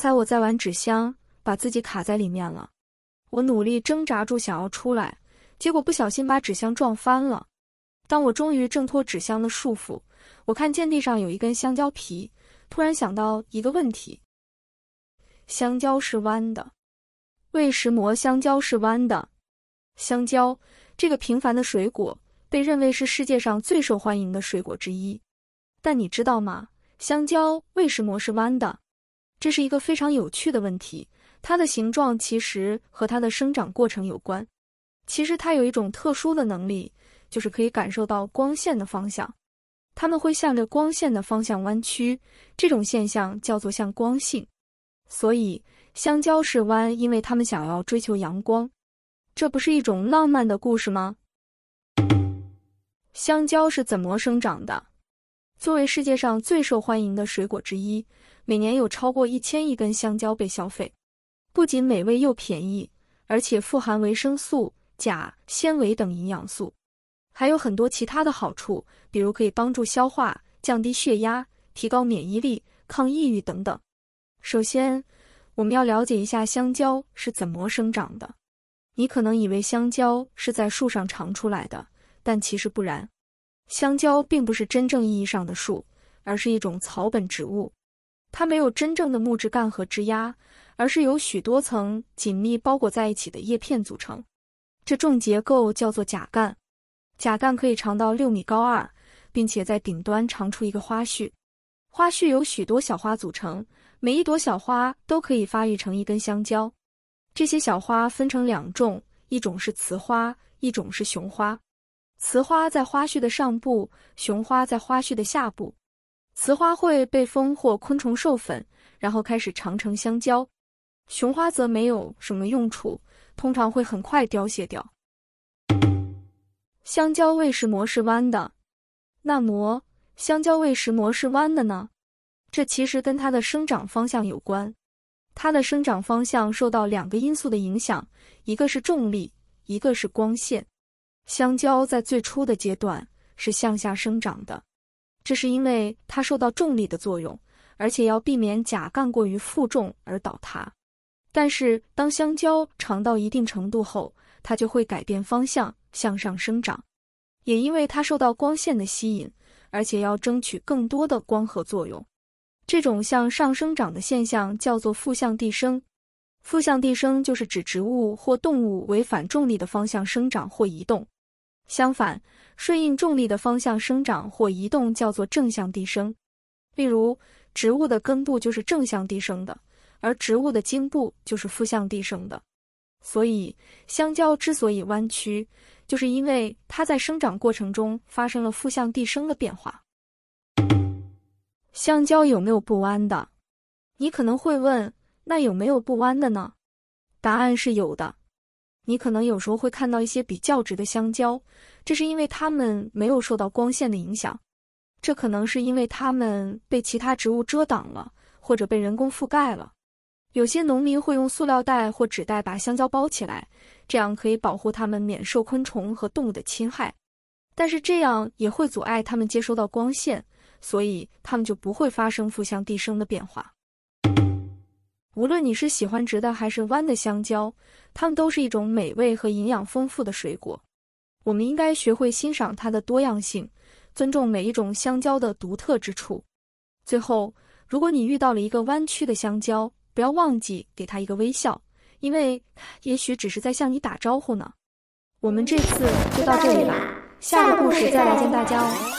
剛才我在玩紙箱，把自己卡在裡面了。我努力掙扎住，想要出來，結果不小心把紙箱撞翻了。當我終於掙脫紙箱的束縛，我看見地上有一根香蕉皮，突然想到一個問題：香蕉是彎的，為什麼香蕉是彎的？香蕉這個平凡的水果，被認為是世界上最受歡迎的水果之一。但你知道嗎？香蕉為什麼是彎的？這是一個非常有趣的問題，它的形狀其實和它的生長過程有關。其實它有一種特殊的能力，就是可以感受到光線的方向，它們會向着光線的方向彎曲。這種現象叫做向光性。所以，香蕉是彎，因為它們想要追求陽光。這不是一種浪漫的故事嗎？香蕉是怎麼生長的？作為世界上最受歡迎的水果之一。每年有超過一千億根香蕉被消費，不僅美味又便宜，而且富含維生素、鉀、纖維等營養素，還有很多其他的好處，比如可以幫助消化、降低血壓、提高免疫力、抗抑鬱等等。首先，我們要了解一下香蕉是怎麼生長的。你可能以為香蕉是在樹上長出來的，但其實不然，香蕉並不是真正意義上的樹，而是一種草本植物。它沒有真正的木質乾和枝丫而是由許多層緊密包裹在一起的葉片組成。這種結構叫做假幹。假幹可以長到六米高二，並且在頂端長出一個花序。花序由許多小花組成，每一朵小花都可以發育成一根香蕉。這些小花分成兩種，一種是雌花，一種是雄花。雌花在花序的上部，雄花在花序的下部。雌花會被風或昆蟲授粉，然後開始長成香蕉。雄花則沒有什麼用處，通常會很快凋謝掉。香蕉為什麼是彎的，那麼香蕉為什麼是彎的呢？這其實跟它的生長方向有關。它的生長方向受到兩個因素的影響，一個是重力，一個是光線。香蕉在最初的階段是向下生長的。這是因為它受到重力的作用，而且要避免假幹過於負重而倒塌。但是當香蕉長到一定程度後，它就會改變方向向上生長。也因為它受到光線的吸引，而且要爭取更多的光合作用。這種向上生長的現象叫做負向地生。負向地生就是指植物或動物違反重力的方向生長或移動。相反，順應重力的方向生長或移動叫做正向地升。例如，植物的根部就是正向地升的，而植物的莖部就是負向地升的。所以，香蕉之所以彎曲，就是因為它在生長過程中發生了負向地升的變化。香蕉有沒有不彎的？你可能會問，那有沒有不彎的呢？答案是有的。你可能有時候會看到一些比較直的香蕉，這是因為他們沒有受到光線的影響。這可能是因為它們被其他植物遮擋了，或者被人工覆蓋了。有些農民會用塑料袋或紙袋把香蕉包起來，這樣可以保護它們免受昆蟲和動物的侵害。但是這樣也會阻礙它們接收到光線，所以它們就不會發生負向地性的變化。無論你是喜歡直的還是彎的香蕉，它們都是一種美味和營養豐富的水果。我們應該學會欣賞它的多樣性，尊重每一種香蕉的獨特之處。最後，如果你遇到了一個彎曲的香蕉，不要忘記給它一個微笑，因為也許只是在向你打招呼呢。我們這次就到這裡了，下個故事再來見大家哦。